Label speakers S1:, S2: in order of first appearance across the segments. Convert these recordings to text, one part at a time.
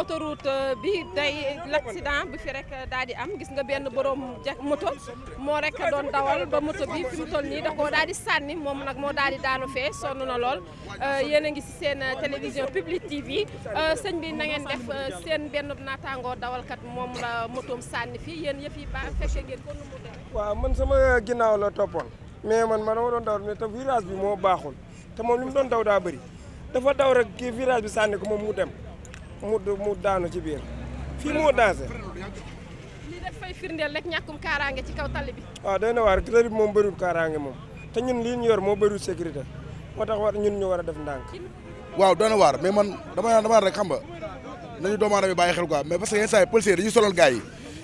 S1: autoroute euh, bi day l'accident bi fi rek euh, daal di am gis nga benn borom ja moto moo rek doon dawal ba moto bi fi mu toll nii da koo daal di sànni moom nag moo daal di daanu fee sonn na lool euh, yéen a ngi si seen télévision Public TV sëñ bi na def seen benn naataangoo dawalkat moom motoom sànni fii yéen yëpp yi ba fekke ngeen ko
S2: waaw man sama ginnaaw la toppoon mais man ma dama doon dawal mais te virage bi moo baaxul te moom li mu doon daw daa bari dafa daw rek kii bi sànni ko moom mu dem. mu mu daanu ci biir fii moo dansé.
S1: lii dafay firndeel rek ñàkkum kaaraange ci kaw tali
S2: waaw doy waar tali a def ndànk.
S3: waaw doy na waar mais man dama naan dama rek xam nga nañu doomu aadama bàyyi xel quoi mais parce que yenn saa yi policiers dañuy solal gars yi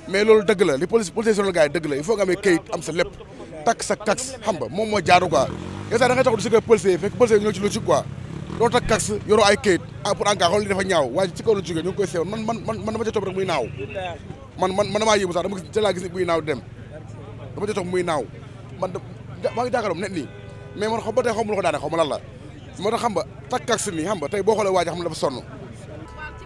S3: mais loolu dëgg la li police policiers solal yi dëgg la il faut nga amee kayit am sa lépp takk sa tax xam moom moo jaaru quoi yenn saa yi da ngay taxaw di si policier fekk policier ñoo ci lu ci quoi doo takk tax yoroo ay kayit Ah, pour ANCAR xool li dafa ñaaw waaye ci kaw la jógee ñu ngi koy sew man man man dama ca topp rek muy naaw man sax dama gis muy naaw dem dama ca muy naaw man maa ngi jàkkaarloo mais man xam ba tey xaw a lu ko daane xaw ma la xam ne dafa sonn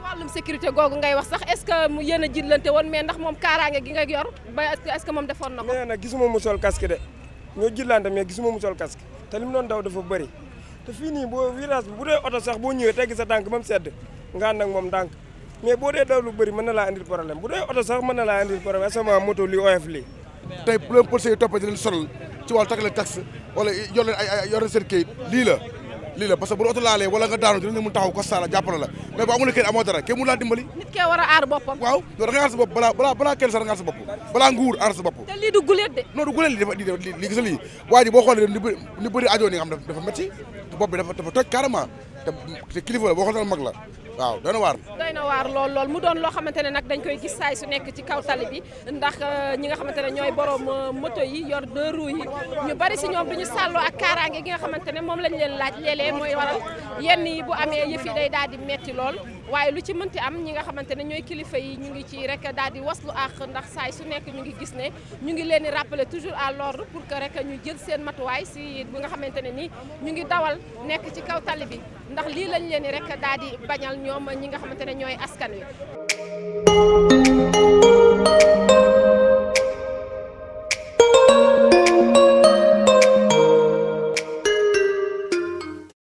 S1: wàllum sécurité googu ngay wax sax est-ce que a jiitlante woon mais ndax moom kaaraange gi nga yor ba moom defoon na ko. na gisuma
S2: mu sol casque de ñoo jiitlante mais gisuma mu sol casque te li doon daw dafa bëri te fii nii boo virage bi bu dee oto sax boo ñëwee tegg sa tànk ba mu sedd nga ànd moom ndànk mais boo dee daw lu bëri mën na laa andil problème bu dee oto sax mën na laa andil problème sama moto li oyof lii.
S3: tey problème policier yi toppee di leen sonal ci wàllu takkale taxe wala yor leen ay ay yor seen kayit lii la. lii la parce que bu la oto laalee wala nga daanu dinañ mun taxaw ko sala jàppale la mais bu amul kenn amoo dara kenn mun laa dimbali kee war a aar boppam waaw yow nga aar sa bopp balaa nguur aar sa bopp te lii du guleet de lii gisa lii boo xoolee ni bëri ajoo ni nga dafa métti bopp bi dafa dafa toj carrément te la boo xoolee mag la waaw dana waar
S1: doy waar lool lool mu doon loo xamante ne nag dañ koy gis saay su nekk ci kaw tali bi ndax euh, ñi nga xamante ne ñooy borom euh, moto yi yor deux roues yi ñu bari si ñoom duñu sàlloo ak kaaraange gi nga xamante ne moom lañ leen laaj léeg-léeg mooy waral yenn yi bu amee yëf yi day daal di metti lool waaye lu ci mënti am ñi nga xamante ne ñooy kilifa yi ñu ngi ci rek daal di lu ak ndax saay su nekk ñu ngi gis ne ñu ngi leen di rappeler toujours à l'ordre pour que rek ñu jël seen matuwaay si bi nga xamante ne ni ñu ngi dawal nekk ci kaw tali bi ndax lii lañ leen rek daal di bañal ñoom ñi nga xamante ne ñooy askan wi.